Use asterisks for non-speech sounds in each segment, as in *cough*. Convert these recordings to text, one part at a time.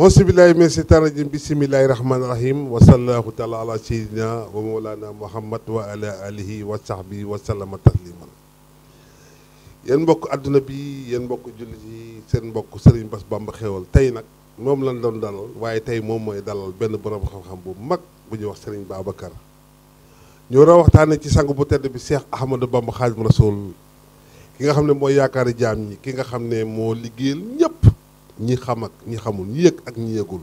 auzu billaahi mina seytaani rajiim bismillaahi rahmaani rahiim wa sallallaahu taala ala sayyidina wa mawlaana muhammad wa ala alihi wa sahbihi wa sallama tasliman yéen mbokk àdduna bi yéen mbokk jullit yi seen mbokk sëriñ Bass Bamba Xéwal tey nag moom lañ doon dalal waaye tey moom mooy dalal benn borom xam-xam bu mag bu ñuy wax sëriñ Babacar ñu war a waxtaane ci sang bu tedd bi Cheikh Ahmadou Bamba Xaadimu Rasuul ki nga xam ne mooy yaakaari jaam ñi ki nga xam ne moo liggéeyal ñëpp ñi xam ak ñi xamul ñi yëg ak ñi yëgul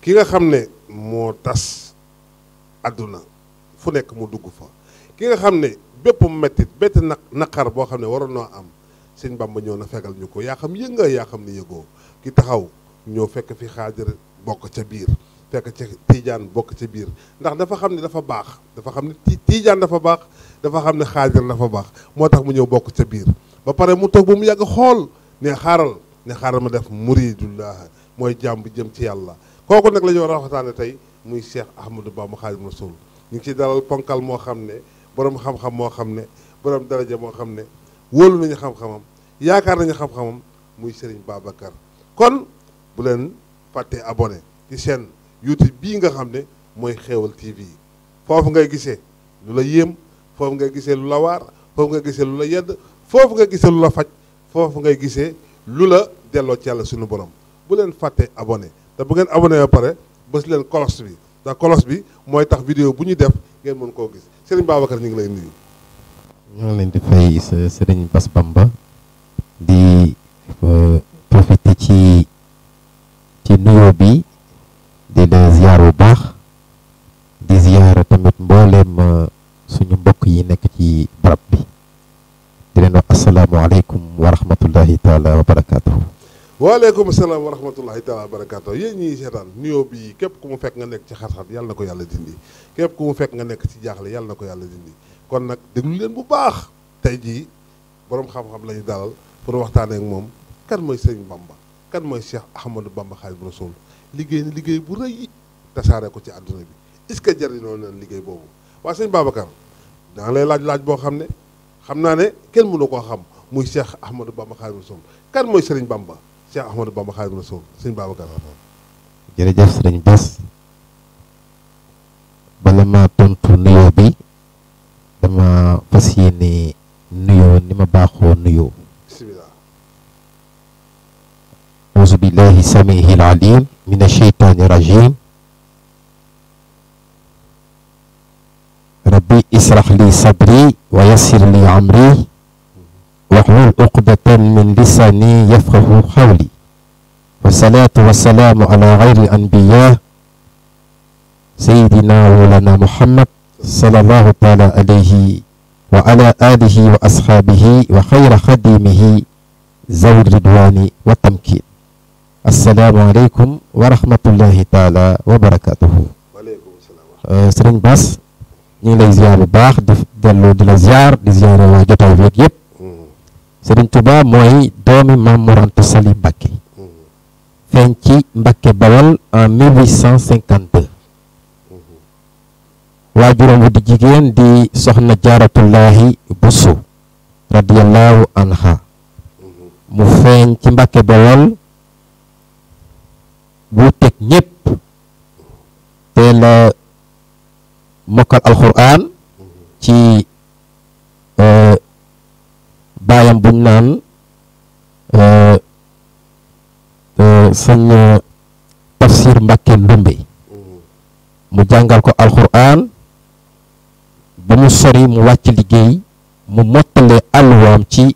ki nga xam ne moo tas àdduna fu nekk mu dugg fa ki nga xam ne bépp mu mettit bépp naq naqar boo xam ne waroon noo am sëñ Bamba ñëw na fegal ñu ko yaa xam yëg nga yaa xam ne yëgoo ki taxaw ñëw fekk fi xaajar bokk ca biir fekk ca tiijaan bokk ca biir ndax dafa xam ne dafa baax dafa xam ne tiijaan dafa baax dafa xam ne xaajar dafa baax moo tax mu ñëw bokk ca biir ba pare mu toog ba mu yàgg xool ne xaaral ne xaaral ma def muridullah mooy jàmm bu jëm ci yàlla kooku nag la ñu war a waxtaane tey muy Cheikh Ahmadou Bamba Xaadimu Rasuul ñu ngi ci dalal ponkal moo xam ne boroom xam-xam moo xam ne borom daraja moo xam ne wóolu nañu xam-xamam yaakaar nañu xam-xamam muy Serigne Babacar kon bu leen fàttee abone ci seen YouTube bii nga xam ne mooy Xéewal TV foofu ngay gisee lu la yéem foofu ngay gisee lu la waar foofu nga gisee lu la yedd foofu nga gisee lu la faj foofu ngay gisee delloo ci yàlla suñu borom bu leen fàtte abonné te bu ngeen abonné ba pare bës leen kolos bi ndax kolos bi mooy tax vidéo bu ñu def ngeen mën koo gis Serigne Babacar ñu ngi lay nuyu. ñoo ngi leen di fay Serigne Bass Bamba di waaleykum salaam wa rahmatullahi taala wa barakaatu yéen ñii seetaan nuyoo bi képp ku mu fekk nga nekk ci xat-xat yàlla na ko yàlla dindi képp ku mu fekk nga nekk ci jaaxle yàlla na ko yàlla dindi kon nag déglu leen bu baax tey jii borom xam-xam lañu dalal pour waxtaanee ak moom kan mooy sëriñ Bamba kan mooy Cheikh Ahmadou Bamba Xaadimu Rasuul liggéey na liggéey bu rëy tasaare ko ci àdduna bi est-ce que jariñoo na liggéey boobu waa sëñ Babacar danga lay laaj laaj boo xam ne xam naa ne kenn mënu koo xam muy Cheikh Ahmadou Bamba Xaadimu Rasuul kan mooy sëriñ Bamba Cheikh Ahmadou Bamba Khadimu Rasuul sëñ Babacar jërëjëf sëriñ Bass bala ma tontu nuyoo bi dama fas yéene nuyoo ni ma baaxoo nuyoo bismillah auzu billahi samihi alalim min asheytaani rajim rabbi israh li sadri wa yassir li amri وحول عقدة من لساني يفقه قولي والصلاة والسلام على غير الأنبياء سيدنا مولانا محمد صلى الله تعالى عليه وعلى آله وأصحابه وخير خديمه ذوي الرضوان والتمكين السلام عليكم ورحمة الله تعالى وبركاته وعليكم السلام ورحمة آه، الله lay ziar bu زيار di زيار di دلو ziar di ziar Serigne Touba mooy doomi Maam Mor Sali Mbacké feeñ ci Mbacké Bawol en 1852 waajuram wu di jigéen di soxna Jaaratullaahi Buso radiyallahu anha mu feeñ ci Mbacké Bawol bu teg ñépp te la mokkal alxuraan ci euh, baayam buñ naan euh, euh, sëñ euh, Tafsir Mbàkke Ndumbe mu jàngal ko alxuraan ba mu sori mu wàcc liggéey mu mottale alwaam ci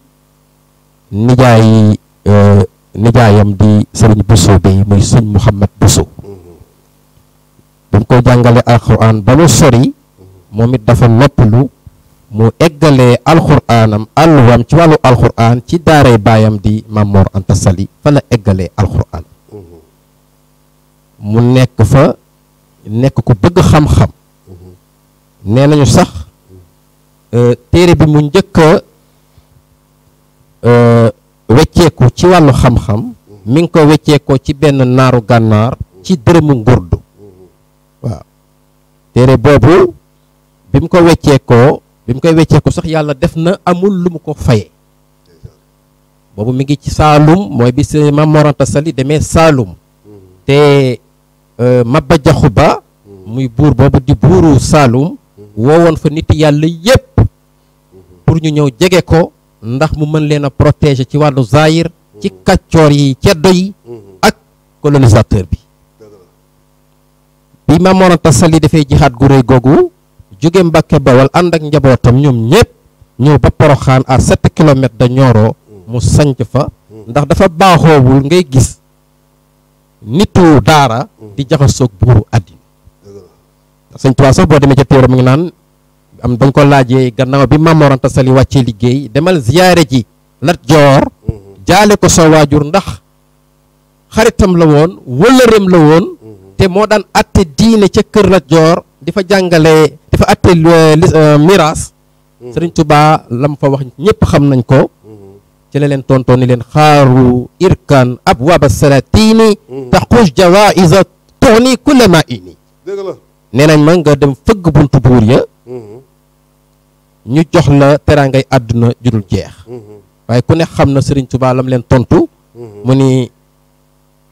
nijaayi nijaayam di sëriñ Bousso bi muy sëñ Mouhamad Bousso mm-hmm. ba mu ko jàngale alxuraan ba mu sori moom it dafa noppalu mu eggalee alxuraanam àlluwam ci wàllu alxuraan ci daaray baayam di Mamor antasali fa la eggalee alxuraan mu nekk fa nekk ku bëgg xam-xam nee nañu sax euh, téere bi mu njëkk euh, wecceeku ci wàllu xam-xam mi ngi ko wecceekoo ci benn naaru gànnaar ci dërëmu ngurdu waaw téere boobu bi mu ko wecceekoo bi mu koy weccee ko sax yàlla def na amul lu mu ko faye boobu mi ngi ci Saalum mooy bi sëñ Maam Mor Anta demee Saalum te euh, Maba Jaxu Ba muy buur boobu di buuru Saalum woowoon fa nit yàlla yépp pour ñu ñëw jege ko ndax mu mën leen a protéger ci wàllu zaayir ci kàccoor yi ceddo yi ak colonisateur bi bi Maam Mor Anta Sali dafay jihaat gu rëy googu jóge Mbàkke Bawal ànd ak njabootam ñoom ñëpp ñëw ba Poroxaan à sept kilomètres de Nioro mu sanc fa ndax dafa baaxoowul ngay gis nitu daara di jaxasoog buuru àddina sëñ Tuubaa boo demee ca téere mu ngi naan am dañ ko laajee gannaaw bi Maam Mor Anta Sali liggéey demal ziyaare ji Lat Joor mhm. jaale ko sa waajur ndax xaritam la woon wëllëreem la woon mhm. te moo daan atte diine ca kër Lat Joor jàngale dafa atte miraas Sëriñ Tuubaa lam fa wax ñëpp xam nañ ko ci la leen tontoon ni leen xaaru irkan abwaaba salatini taxuj jawaïsa toxni kulla ma ini nee nañ ma nga dem fëgg buntu buur ya ñu jox la teraangay àdduna judul jeex waaye ku ne xam na Sëriñ Tuubaa lam leen tontu mu ni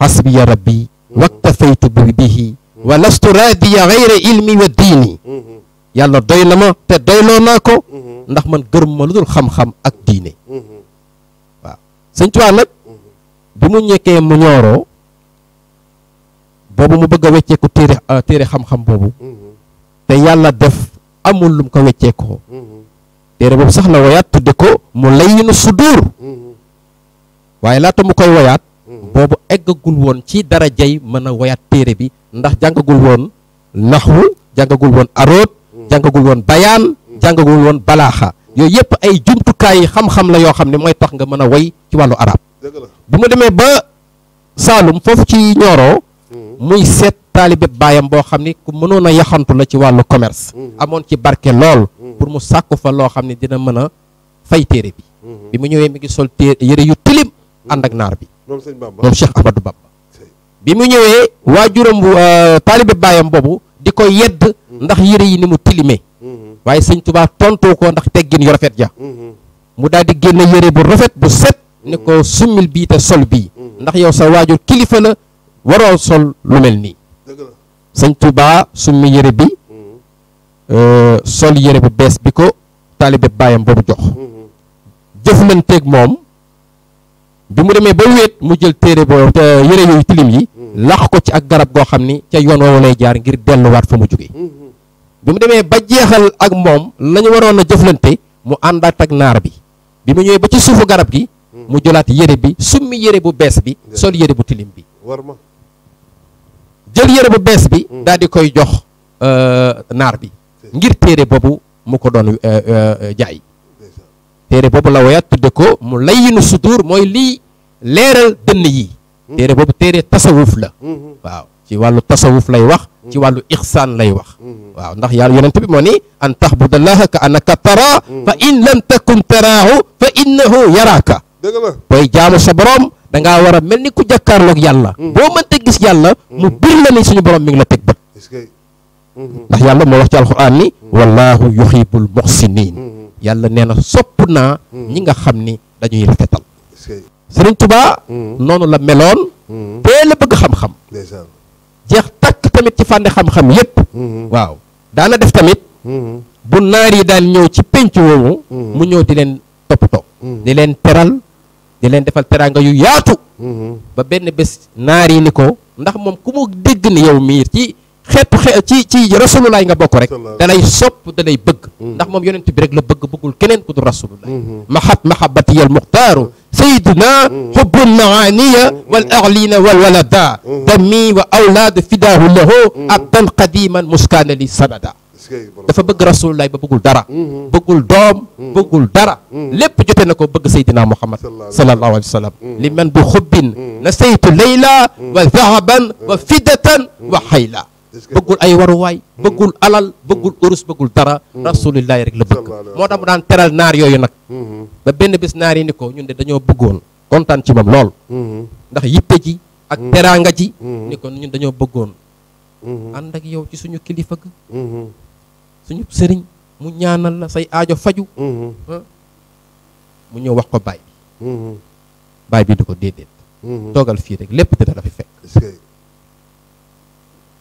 xasbiya rabbi waktafaytu bihi wa lastu raadiya gayra ilmi wa diini yàlla doy na ma te doyloo naa ko mm-hmm. ndax man gërëm ma lu dul xam-xam ak diine mm-hmm. waaw sëñ Tuubaa nag mm-hmm. bi mu ñekkee mu ñooroo boobu mu bëgg a wecceeku téere euh, téere xam-xam boobu te yàlla def amul lum ko wecceekoo téere boobu sax la woyaat tudde ko mu layyinu sudur waaye laata mu koy woyaat boobu eggagul woon ci dara darajay mën a woyaat téere bi ndax jàngagul woon naxwu jàngagul woon aroot jàngagul woon bayaan jàngagul woon balaaxa yooyu yëpp ay jumtukaay yi xam-xam la yoo xam ne mooy tax nga mën a woy ci wàllu arab bu mu demee ba Saalum foofu ci Ñooro hmm. muy seet taalibe baayam boo xam ni ku mënoon a yaxantu la ci wàllu commerce hmm. amoon ci barke lool hmm. pour mu sàkku fa loo xam ne dina mën a fay téere bi mu ñëwee mi ngi yu tilim ànd ak naar bi moom Cheikh Ahmadou Bamba bi mu ñëwee waajuram euh, baayam boobu di ko yedd ndax yére yi ni mu tilime mm-hmm. waaye sëñ tubaa tontoo ko ndax teggin yu rafet ja mm-hmm. mu daal di génn yére bu rafet bu set ni ko mm-hmm. summil bii te sol bii ndax yow sa waajur kilifa la waroo sol lu mel nii sëñ tubaa summi yére bi euh, sol yére bu bees bi ko taalibe baayam boobu jox jëflanteeg moom bi mu demee ba wéet mu jël téere boobu yére yooyu tilim yi lax ko ci ak garab goo xam ni ca yoon woowu jaar ngir delluwaat fa mu jóge mm-hmm. bi mu demee ba jeexal ak moom lañu waroon a jëflante mu àndaat ak naar bi bi mu ñëwee ba ci suufu garab gi mm-hmm. mu jëlaat yére bi summi yére bu bees bi sol yére bu tilim bi jël yére bu bees bi mm. daal di koy jox euh, naar bi ngir téere boobu mu ko doon euh, euh, jaay téere boobu la woyaat tudde ko mu lay layyinu sudur mooy lii leeral dënn yi téere bobu téere tasawuf la mm-hmm. waaw ci walu tasawuf lay wax ci mm-hmm. walu ihsan lay wax mm-hmm. waaw ndax yàlla yonent bi ni an tahbudallaha ka annaka tara fa in lam takun tarahu fa innahu yaraka. boy jaamu sa borom da nga wara melni mel ni ku jàkkaarloog yàlla boo mënta gis yalla mu bir la ni suñu borom mi ngi la ndax yalla mo wax ci alquran ni wallahu yuhibul muhsinin Yalla neena sopuna ñi nga xamni dañuy rafetal Sëriñ Tuba mm. noonu la meloon mm. tee la bëgg xam-xam jeex tàkk tamit ci fànn xam-xam yépp mm-hmm. waaw daana def tamit mm-hmm. bu naar yi daan ñëw ci penc woowu mm-hmm. mu ñëw di leen toppatoo di leen teral di leen defal teraanga yu yaatu ba benn bés naar yi ni ko ndax moom ku mu dégg ni yow miir ci xeetu xe ci ci rasululaay nga bokk rek dalay sopp dalay bëgg ndax moom yonent bi rek la bëgg bëggul keneen ku dul rasululaay mahat mahabati yal muxtaaru سيدنا حب المعاني والاعلين والولدا دمي واولاد فداه له اقدم قديما مسكانا للسبدا دا فا بغ رسول الله بغول دارا بغول دوم بغول دارا لب جوتي نكو بغ سيدنا محمد صلى الله عليه وسلم لمن بحب نسيت ليلى وذهبا وفدة وحيلة bëggul ay waruwaay hmm. bëggul alal bëggul hmm. urus bëggul dara hmm. rasulillahi rek la bëgg moo tax mu daan teral naar yooyu nag ba benn bés naar yi ni ko ñun de dañoo bëggoon kontaan ci moom lool ndax yitte ji ak teraanga ji ni ko ñun dañoo bëggoon ànd ak yow ci suñu kilifa ga suñu sëriñ mu ñaanal la say aajo faju mu ñëw wax ko baay bi baay bi di ko déedéet toogal fii rek lépp dina la fi fekk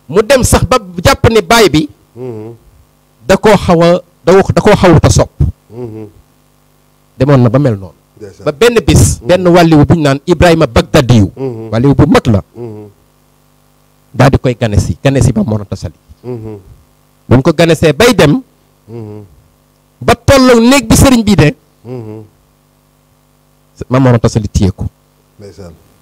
mu dem sax ba jàpp ni baay bi da koo xaw da koo xawut a sopp demoon na ba mel noonu ba benn bis benn wàlliwu bu ñu naan Ibrahima Bagdadiyu wàlliwu bu mag la daal koy ganesi ganesi ba Mor Anta Sali bu ko ganesee bay dem ba tolloo néeg bi sëriñ bi de ma Mor Anta ko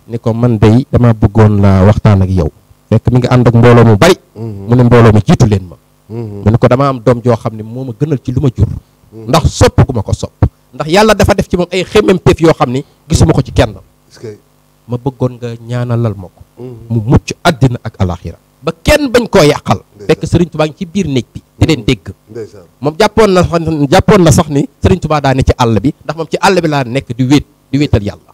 ni ko man dey dama bëggoon la waxtaan ak yow fekk mi ngi ànd ak mbooloo mu bari mm-hmm. mu ne mbooloo mu jiitu leen ma mm-hmm. mu ne ko dama am doom joo xam ne moo ma gënal ci lu ma jur mm-hmm. ndax sopp gu ma ko sopp ndax yàlla dafa def ci moom ay xemmemteef yoo xam ne gisuma ko ci kenn ma bëggoon nga ñaanalal ma ko mu mucc àddina ak alaxira ba kenn bañ koo yàqal fekk Serigne Touba ngi ci biir néeg bi di leen dégg moom jàppoon na sax jàppoon na sax ni Serigne Touba daa ne ci àll bi ndax moom ci àll bi laa nekk di wéet di wéetal yàlla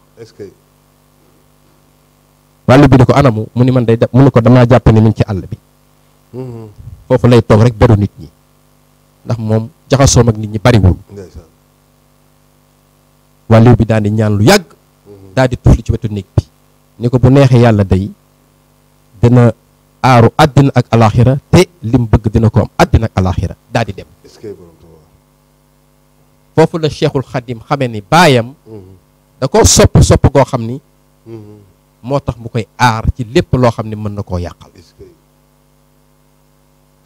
Hmm. Walu bi hmm. hmm. da ko anamu muni man day mu ko dama japp ni min ci all bi fofu lay tok rek beru nit ñi ndax mom jaxaso mak nit ñi wu walu bi ñaan lu yag daal di ci wetu nit bi ni ko bu yalla day dina aaru adina ak alaxira te lim bëgg dina ko am adina ak alaxira daal di dem fofu la cheikhul khadim xamé ni baayam da ko sop sop go xamni moo tax mu koy aar ci lépp loo xam ne mën na koo yàqal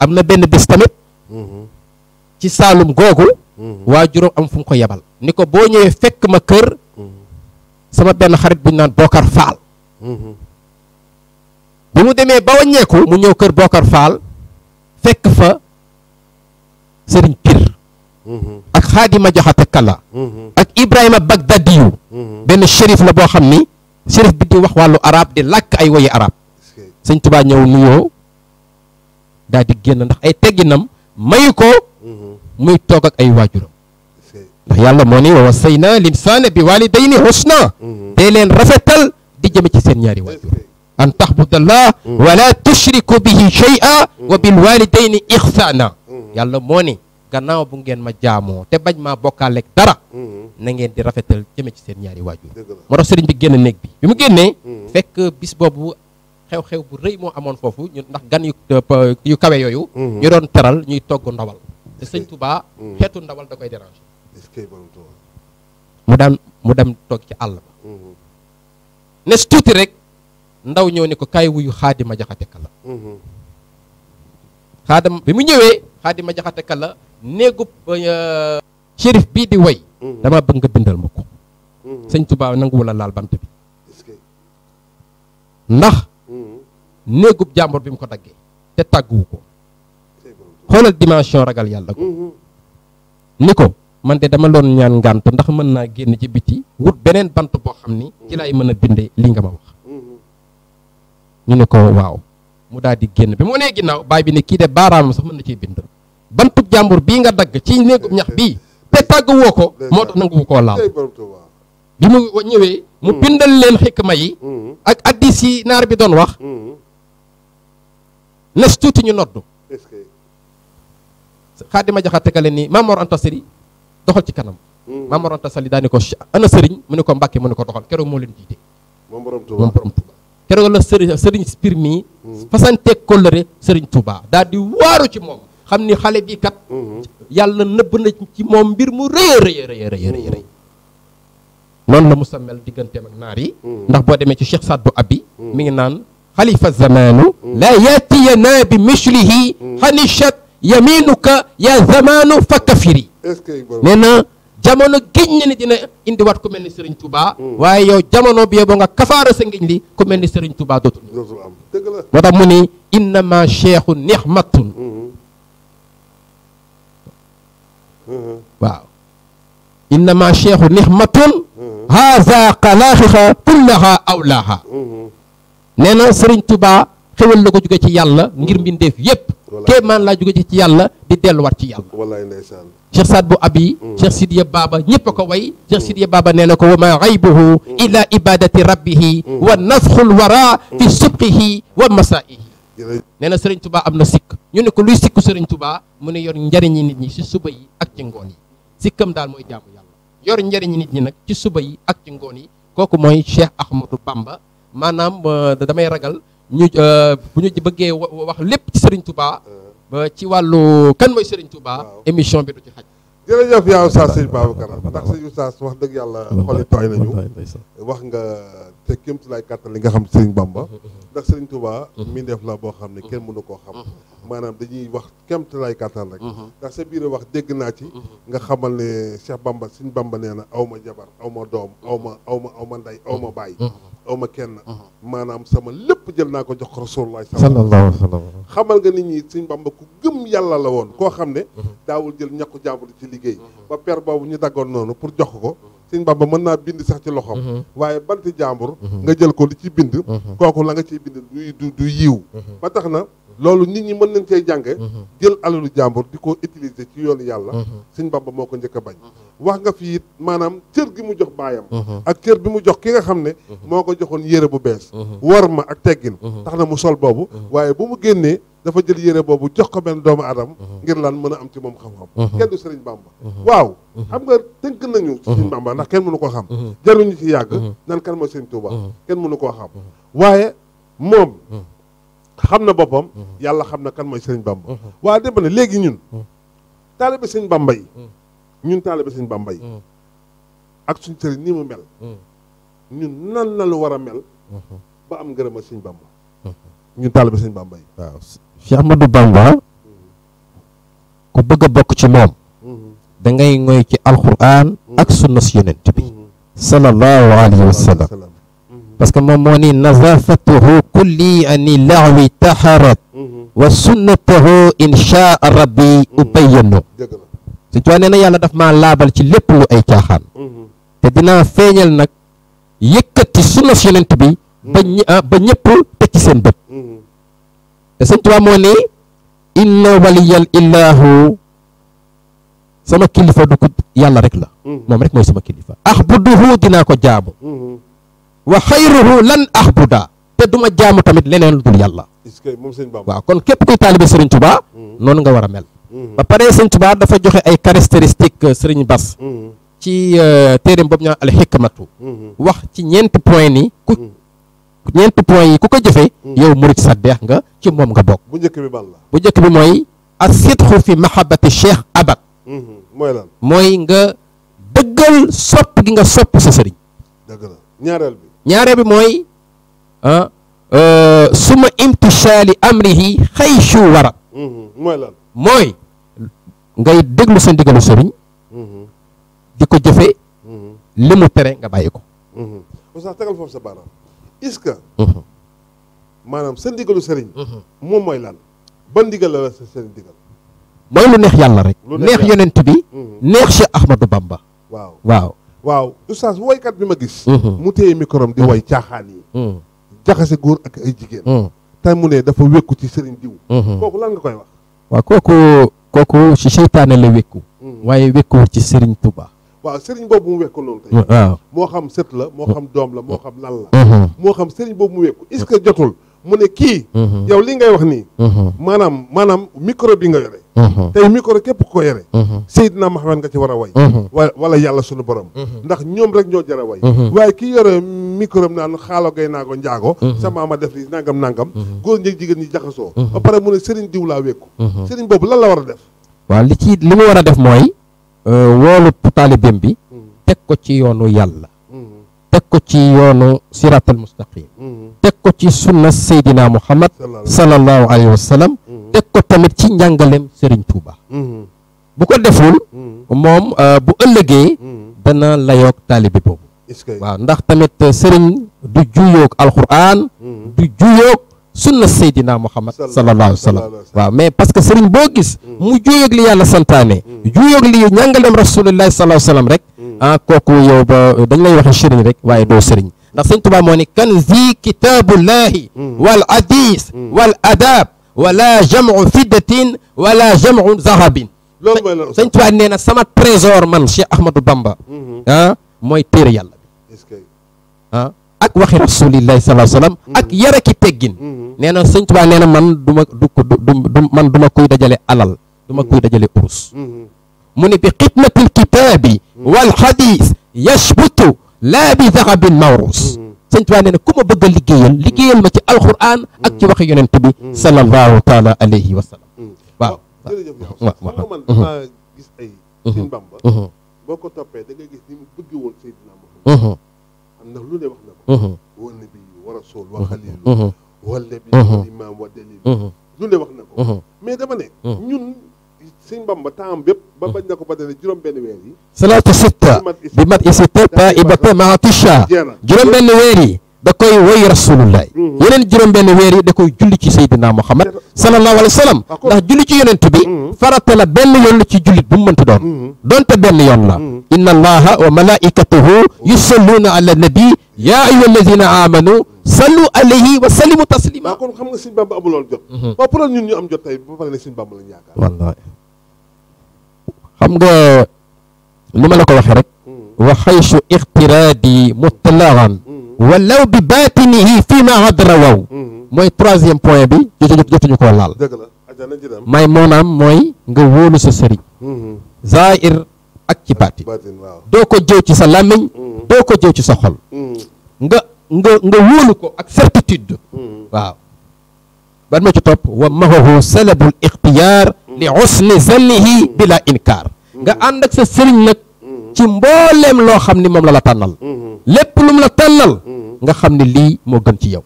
am na benn bés tamit mm-hmm. ci saalum googu mm-hmm. waa juróom am fu ko yebal ni ko boo ñëwee fekk ma kër mm-hmm. sama benn xarit bu naan Bokar Faal bu mu demee ba wàññeeku mu ñëw kër Bokar Faal fekk fa sëriñ Pir ak Xaadima Jaxate Kala ak Ibrahima Bagdadiyu benn shérif la boo xam ni شريف بدي واخ والو عرب دي لاك اي وي عرب سيغ توبا نييو نيو دا دي ген ناخ اي تيغينم مايكو مي توك اك اي واجورم ناخ يالا موني ووصينا لسان بوالدين حسنا ديلن رفتل دي جيمي سي سين نياري واجور ان تحبط الله ولا تشرك به شيئا وبالوالدين احسانا يالا موني gannaaw bu ngeen ma jaamoo te bañ maa bokkaaleeg dara mm-hmm. na ngeen di rafetal jëme ci seen ñaari waajur moo tax sëriñ bi génn néeg bi bi mu génnee mm-hmm. fekk bis boobu xew-xew bu rëy moo amoon foofu ñu ndax gan yu kawe yooyu mm-hmm. ñu doon teral ñuy togg ndawal te sëñ Touba xeetu ndawal da koy déranger mu daan mu dem toog ci àll ba nes tuuti rek ndaw ñëw ne ko kaay wuyu xaadima jaxate kala xaadam bi mu ñëwee xaadima jaxate kala néegu euh, shérif bii di woy mm-hmm. dama bëgg nga bindal ma ko mm-hmm. sëñ Tuubaa nanguwu la laal bant bi ndax mm-hmm. néegub jàmbur bi mu ko daggee te tàgguwu ko xoolal dimension ragal yàlla ko ni ko man de dama loon ñaan ngànt ndax mën naa génn ci biti wut beneen bant boo xam ni ci lay mën a binde li nga ma wax ñu ne ko waaw mu daal di génn bi moo nee ginnaaw baay bi ne kii de baaraamam sax mën na ciy bind bantub jàmbur bii nga dagg ci néegub ñax bii te tàgg woo ko moo tax nangu koo laal bi mu ñëwee mu hmm. bindal leen xikma yi hmm. ak addis yi naar bi doon wax hmm. nes tuuti ñu noddu xaadima jaxate ka leen ni Mamor Anta Sali doxal ci kanam Mamor Anta Sali daani ko ana sëriñ mu ne ko mbakki mu ne ko doxal keroog moo leen jiite keroog la sëriñ sëriñ Pir mii fasanteeg kóllëre sëriñ Touba daal di waaru ci moom xam ni xale bi kat yàlla nëbb na ci moom mbir mu rëy a rëy rëy rëy rëy noonu la Moussa mel digganteem ak naar yi ndax boo demee ci Cheikh Sadbu Abi mi ngi naan xalifa zamanu la yatiyanaa bi mislihi xanichat mm. yaminuka ya zamanu fa kafiri nee jamono géñ na ni dina indiwaat ku mel ni sëriñ tubaa waaye yow jamono bi ba nga kafaara sa ngiñ li ku mel ni Serigne Touba dootul. dootul am dëgg la moo tax mu ni innama cheikhu nixmatun mm-hmm. waaw innama cheikhu nixmatun mm-hmm. haza qalaaxixa kullaha awlaaha mm-hmm. nee na Serigne Touba xewal la ko jóge ci yàlla ngir mbindeef yépp kéemaan laa jóge ci yàlla di delluwaat ci yàlla wallaay ndeysaan Cheikh Saad bu Abi mm. Cheikh Sidiya Baba ñëpp a ko way Cheikh mm. Sidiya Baba nee na ko wa ma xaybuhu mm. ila ibadati rabbihi wa nasxul wara fi subqihi wa masaihi nee na Sëriñ Tuba am na sikk ñu ne ko luy sikku Sëriñ Tuba mu ne yor njariñi nit ñi ci suba yi ak ci ngoon yi sikkam daal mooy jaamu yàlla yor njariñi nit ñi nag ci suba yi ak ci ngoon yi kooku mooy Cheikh Ahmadou Bamba maanaam euh, damay ragal ñu euh, bu ñu bëggee wax lépp ci Sëriñ ba ci wàllu kan mooy Serigne Touba. émission bi du ci xaj. jërëjëf yaa Oustaz Serigne Babacar ndax sëñ wax dëgg yàlla xoli tooy nañu wax nga te kéem si laay kàttan li nga xam Serigne Bamba *laughs* ndax Serigne Touba mi mm-hmm. def la boo xam ne kenn mënu koo xam mm-hmm. maanaam dañuy wax kéem si laay kàttan rek mm-hmm. ndax sa biir wax dégg naa ci nga xamal ne Cheikh Bamba Serigne Bamba nee na aw ma jabar aw ma doom aw ma aw ma aw ma ndey aw ma bàyyi aw ma kenn maanaam sama lépp jël naa ko jox ko rasulullah sallallahu alayhi wa sallam xamal nga nit ñi suñ bamba ku gëm yàlla la woon koo xam ne mhm. daawul jël ñàkku jàmbur ci liggéey mhm. ba per boobu ñu daggoon noonu pour jox ko mhm. sëñ Bamba mën naa bind sax ci loxoom waaye banti jàmbur nga jël ko li ci bind kooku la nga ciy bind du du yiw ba tax na loolu nit ñi mën nañ cee jànge mhm. jël alalu jàmbur di ko utiliser ci yoonu yàlla mhm. sëñ Bamba moo ko njëkk bañ wax nga fi it maanaam cër gi mu jox baayam mhm. ak cër bi mu jox ki nga xam ne moo ko joxoon yére bu bees war ma ak teggin tax na mu sol boobu waaye bu mu génnee dafa jël yére boobu jox ko benn doomu adam ngir lan mën a am ci moom xam-xam kenn du sëriñ Bamba waaw xam nga tënk nañu sëriñ Bamba ndax kenn mënu koo xam jaruñu ci yàgg naan kan mooy sëriñ Tuuba kenn mënu koo xam waaye moom xam na boppam yàlla xam na kan mooy sëriñ bamba waa dem na léegi ñun taalibe sëriñ bamba yi ñun taalibe sëriñ bamba yi ak suñ sëriñ ni mu mel ñun nan la lu war a mel ba am ngërëm a sëriñ bamba ñun taalibe sëriñ bamba yi waaw Cheikh Ahmadou Bamba ku bëgg a bokk ci moom da ngay ci alquran ak sunna si yonent bi sallallahu alayhi wa parce que moom moo ni nazafatuhu kulli ani lawi taharat wa sunnatahu insha rabbi ubayyanu su coo nee na yàlla daf maa laabal ci lépp lu ay caaxaan mm-hmm. te dinaa feeñal nag yëkkati sunnaf yonent bi ba ñi ah, ba ñëpp ci seen bët mm-hmm. te sëñ Tuubaa moo ne inna waliyal illahu sama kilifa du ko yàlla rek la mm-hmm. moom rek mooy sama kilifa ax bu ko jaamu wa xayruhu lan axbuda te du ma jaamu tamit leneen lu dul yàlla waaw kon képp kuy taalibe Serigne Touba mm-hmm. noonu nga war a mel mm-hmm. ba pare Serigne Touba dafa joxe ay caractéristiques euh, Serigne Bass mm-hmm. ci euh, téeréem boobu ñu naan alxikmatu wax ci ñeenti point ni ku ñeenti point yi ku ko jëfee yow sa saddeex nga ci moom nga bokk bu njëkk bi ban la bu njëkk bi mooy asidxu fi mahabati cheikh abad mooy lan mooy nga dëggal sopp gi nga sopp sa sëriñ dëgg la ñaare bi mooy ah suma imtishali amrihi xëy su wara mooy lan mooy ngay déglu sa ndigalu sëriñ di ko jëfe li mu tere nga bàyyi ko oustaz tegal foofu sa baaraam est-ce que maanaam sa ndigalu sëriñ moom mooy lan ban ndigal la la sa sëriñ ndigal mooy lu neex yàlla rek neex yonent bi neex Cheikh Ahmadou Bamba waaw waaw waaw oustaz woykat bi ma gis. Mhm. mu téye micro am di woy caaxaan yi. Mhm. jaxase góor ak ay jigéen. Mhm. te ne dafa wékku ci sëriñ diw. kooku lan nga koy wax. waaw kooku kooku si seytaane la wékku. waaye wékkuwul ci sëriñ Touba. waaw sëriñ boobu mu wekku loolu tey. waaw moo xam sët la moo xam doom la moo xam lan la. moo xam sëriñ boobu mu wekku est-ce que jotul. mu ne kii. Mhm. yow li ngay wax nii. Mhm. maanaam maanaam micro bii nga yore. Mhm. tey micro képp ko yore. Seydina Muhammad nga ci war a way. wala yàlla sunu borom. ndax ñoom rek ñoo jar a way. waaye kii yore micro bi naan xaalo gay naa ko njaago. sama ma def lii nangam nangam. góor ñi jigéen ñi jaxasoo. ba pare mu ne Serigne diw laa wékku. Serigne boobu lan la war a def. waa li ci li mu war a def mooy. Euh, woolu taalibeem bi. Mm. teg ko ci yoonu yàlla. ko ci yoonu siratal mustaqim mm-hmm. teg ko ci sunna seydina muhammad sallallahu alayhi wa sallam mm-hmm. teg ko tamit ci njàngaleem Serigne Touba mm-hmm. bu ko deful moom euh, bu ëllëgee dana layoog taalibi boobu waaw ndax tamit euh, Serigne du juyoog alquran du juyoog sunna seydina muhammad sallallahu alayhi wa sallam waaw mais parce que Serigne boo gis mu juyoog li yàlla santaane juyoog li njàngaleem rasulillahi sallallahu alayhi rek ah kooku yow ba dañ lay wax sëriñ rek waaye doo sëriñ ndax sëñ Tuubaa moo ne kanzi kitaabullahi wal hadis wal adab wala jamu fiddatin wala jamu zahabin loolu mooy lan sëñ Tuubaa nee na sama trésor man Cheikh Ahmadou Bamba ah mooy téere yàlla bi ah ak waxi rasulillahi salaa sallam ak yara ki teggin nee na sëñ Tuubaa nee na man du ma du ko du man du ma kuy dajale alal du ma kuy dajale urus mu ne bi xidmatil kitaabi والحديث يثبت laa bi zahabin mawruus sëñ Tuubaa nee na ku ma bëgg a liggéeyal liggéeyal ma ci alquran ak ci waxi yonent bi sallallahu taala alayhi wa sallam waaw jërëjëf waaw waaw man damaa gis ay sëñ Bamba boo ko toppee da ngay gis ni mu bëgg woon Seydina Muhammad ndax lu ne wax na ko wa nabi wa rasul wa xalilu wa nabi wa imam wa dalil lu ne wax na ko mais dama ne ñun سين بام باتام بيب با باج نكو با دنا جيروم بن ويري صلاه سته بمات اسيتي با ايبتا ما تشا جيروم بن ويري داكاي وي رسول الله يلان جيروم بن ويري داكاي جولي سي سيدنا محمد صلى الله عليه وسلم دا جولي سي يونتبي فرات لا بن يون سي جوليت بو مانت دون دونت بن يون لا ان الله وملائكته يصلون على النبي يا ايها الذين امنوا صلوا عليه وسلموا تسليما كون خمغ سين بام ابو لول جوب با بروب ني ام جوب تاي با بالي سين بام لا نياكار والله xam nga li ma la ko waxee rek wa xaysu ixtiraadi mutlawan walaw bi baatinihi fii ma xad rawaw mooy troisième point bi jotuñu jotuñu koo laal may moonaam mooy nga wolu sa seri zahir ak ci baati do ko jëw ci sa lamign do ko jëw ci sa xol nga nga nga wolu ko ak certitude waaw ban ma ci top wa maxahu salabul ixtiyaar li husni zannihi bila inkaar nga mm-hmm. ànd ak sa sëriñ nag mm-hmm. ci mbooleem loo xam ni moom la la tànnal mm-hmm. lépp lu mu la tànnal nga xam ne lii moo gën ci yow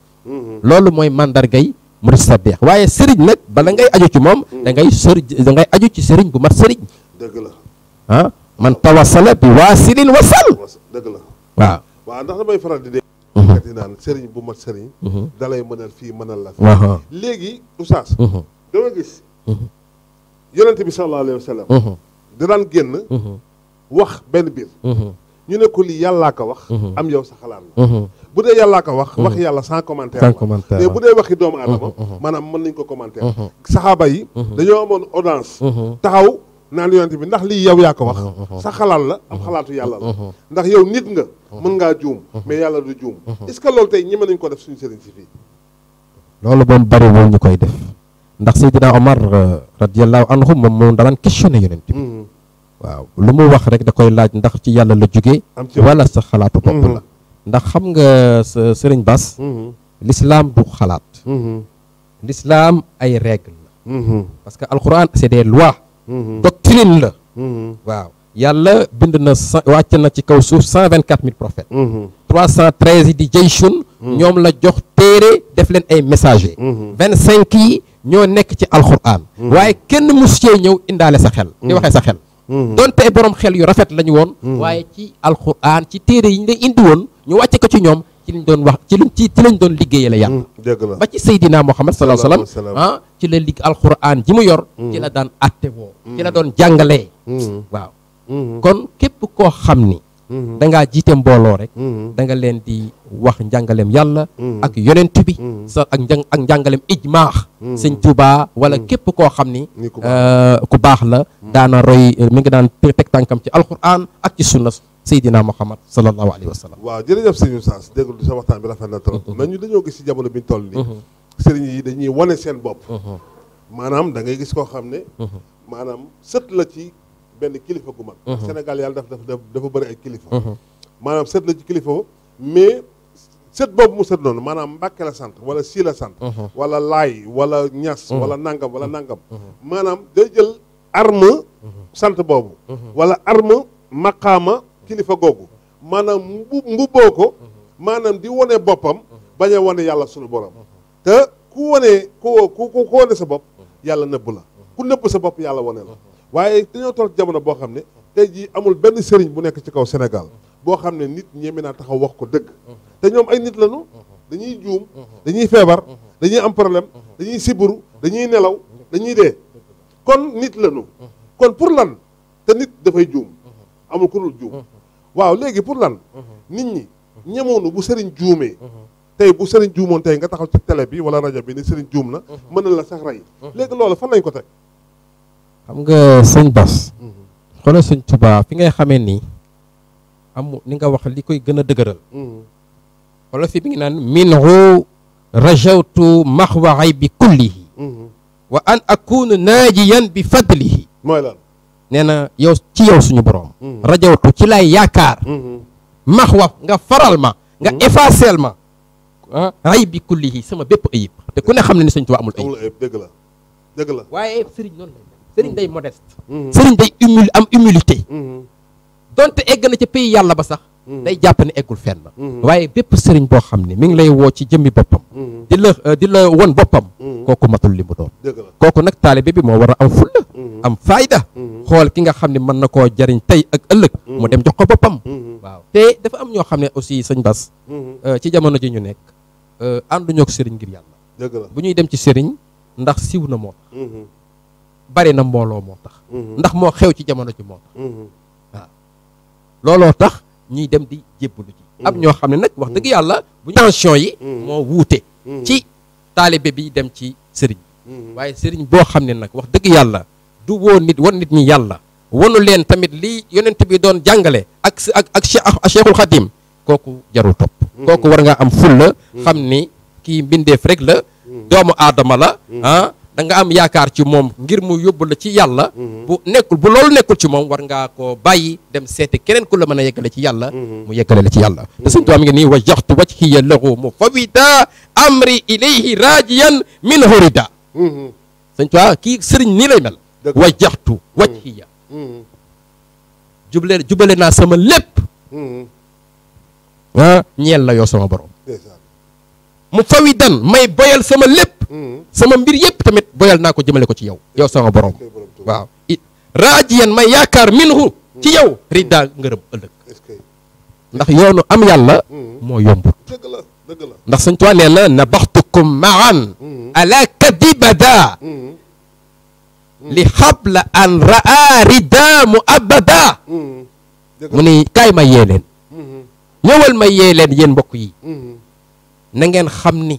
loolu mooy mandargay murid sadeex waaye sëriñ nag bala ngay aju ci moom da ngay sëri da ngay aju ci sëriñ bu mat sëriñ dëgg la ah, man tawasala bi waasilin wasal dëgg la waaw waaw ndax damay faral di dee kat yi naan sëriñ bu mat sëriñ fii mënal léegi oustaz yonent bi sallallahu alayhi wa mhm. da daan génn mhm. wax benn biir mhm. ñu ne ko lii yàllaa ko wax am yow sa xalaat la bu dee yàllaa ko wax wax yàlla sans commentaire la mais bu dee waxi doomu aadama maanaam mën nañ ko commentaire saxaaba yi dañoo amoon audience taxaw naan yonent bi ndax lii yow yaa ko wax sa xalaat la am xalaatu yàlla la ndax yow nit nga mën ngaa juum mais yàlla du juum est-ce que loolu tey ñeme nañ ko def suñu sëriñ si fii loolu moom bariwul ñu koy ndax Seydina Omar euh, radiallahu anhu moom moom daan questionné yonent bi mm-hmm. waaw lu mu wax rek da koy laaj ndax ci yàlla la jógee wala sa xalaatu bopp la mm-hmm. ndax xam nga sëriñ Bass mm-hmm. l'islam du xalaat l'islam ay règle la parce que alquran c'est des lois doctrine la waaw yàlla bind na wàcc na ci kaw suuf cent vingt quatre mille prophètes trois cent treize yi di jayshun ñoom la jox téere def leen ay messager yi ñoo nekk ci al alxuraan mm-hmm. waaye kenn mus cee ñëw indaale sa xel di mm-hmm. waxee sa xel mm-hmm. donte boroom xel yu rafet lañu woon waaye ci al alxuraan ci téere yi ñu lay indi woon ñu wàcce ko ci ñoom ci lañ doon wax ci lañ ci lañ doon liggéeyee la yàlla ba ci Seydina Muhammad sallallahu alayhi wasallam ah ci la ligg alxuraan ji mu yor ci la daan atte woo ci la doon jàngalee waaw kon képp ko xam ni Mhm. da ngaa jiite mbooloo rek mhm. da nga leen di wax njàngalem yàlla mhm. ak yonent bi sa ak nja ak njàngalem ijmaax sëñ Tuubaa wala képp koo xam ni euh, ku baax la daana roy euh, mi ngi daan teg tànkam ci alquran ak ci sunna Seydina Muhammad sallallahu alayhi wa sallam waaw jërëjëf sëñ Saas déglu sa waxtaan bi rafet na trop mais ñu dañoo gis ci jamono bi ñu toll nii sëriñ yi dañuy wane seen bopp maanaam da gis koo xam ne maanaam sët la ci benn kilifa gu mag mhm. Sénégal yàlla dafa dafa dafa bëri ay kilifa mhm. maanaam sët la ci kilifa mais sët boobu mu sët noonu maanaam Mbàkke la sant wala Sy la sant mhm. wala Laay wala Ñas wala nangam wala nangam maanaam day jël arme sant boobu wala arme maqaama kilifa googu maanaam mbu mbubboo ko maanaam di wone boppam bañ a wone yàlla sunu borom te ku wone ku wone sa bopp yàlla nëbb la ku nëbb sa bopp yàlla wone la waaye dañoo toll jamono boo xam ne tey jii amul benn sëriñ bu nekk ci kaw Sénégal boo xam ne nit ñeme naa taxaw wax ko dëgg te ñoom ay nit lañu dañuy juum dañuy feebar dañuy am problème dañuy siburu dañuy nelaw dañuy dee kon nit lañu kon pour lan te nit dafay juum amul ku dul juum waaw léegi pour lan nit ñi ñemoonu bu sëriñ juumee tey bu sëriñ juumoon tey nga taxaw ci tele bi wala rajo bi ni sëriñ juum na mën na la sax rey léegi loolu fan lañ ko teg xam nga sëñ Bas. Mm-hmm. xoolal sëñ Tuubaa fi ngay xamee nii amu ni nga wax li koy gën a dëgëral. Mm-hmm. fi mi ngi naan minhu rajawtu maxwaay bi kullihi mm-hmm. wa an akunu naajiyan bi fadlihi mooy lan na yow ci yow suñu borom. rajawtu ci laay yaakaar. maxwa nga faral ma. nga effacer ma. ah ayib bi kullihi sama bépp ayib. te ku ne xam ne ni sëñ Tuubaa amul ayib dëgg la dëgg la. waaye sëriñ la. sëriñ day mm-hmm. modeste. Mm-hmm. sëriñ day humil am humilité. Mm-hmm. donte egg na ca pays yàlla ba sax. day jàpp ne eggul la waaye bépp sëriñ boo xam ne mi ngi lay woo ci jëmmi boppam. di la euh, di la won boppam. kooku matul li mu doon. kooku nag taalibe bi moo war a am fulla am fayda. xool ki nga xam ne mën na koo jariñ tey ak ëllëg. mu dem jox ko boppam. waaw te dafa am ñoo xam ne aussi sëñ Bas. Euh, ci jamono ji ñu nekk euh, ànd ak sëriñ ngir yàlla. bu ñuy dem ci sëriñ ndax siw na moo. bari na mbooloo moo tax mhm. ndax moo xew ci jamono ji moo tax mhm. looloo tax ñuy dem di jébbalu ji am mhm. ñoo xam ne nag wax dëgg yàlla bu tension yi moo wuute ci taalibe bi dem ci sëriñ waaye sëriñ boo xam ne nag wax dëgg yàlla du woo nit wan nit ñi yàlla wanu leen tamit li yonent bi doon jàngale ak ak ak kooku jarul topp kooku war nga am fulla xam ni kii mbindeef rek la doomu aadama la ah, da nga am yaakaar ci moom ngir mu yóbbu la ci yàlla mhm. bu nekkul bu loolu nekkul ci moom war ngaa koo bàyyi dem seeti keneen ku la mën a yeggale ci yàlla mhm. mu yeggale la ci yàlla te sëñ Tuubaa mi ngi nii wa jaxtu wajhiya lahu mu fawida amri ilayhi rajiyan min horida mhm. sëñ Tuubaa kii sëriñ nii lay mel wa jaxtu wajhiya jubale jubale naa sama lépp ah ñeel la yoo sama borom mu fawidan may boyal sama lépp sama mbir yépp tamit boyal naa ko jëmale ko ci yow yow sama borom waaw it raajiyan may yaakaar minhu ci yow hmm. riddaa ngërëm ëllëg ndax yoonu am yàlla hmm. moo yombut ndax sëñ a nee na nabaxtukum maan hmm. ala kadibada li xabla an raa riddaa mu abada mu ni kaay ma yee leen ñëwal ma yee leen yi na xam ni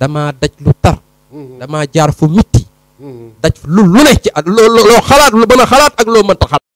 damaa daj lu tar mm-hmm. damaa jaar fu mitti mm-hmm. daj lu lu ne ci at loo xalaat lu mën a xalaat ak loo mënta xalaat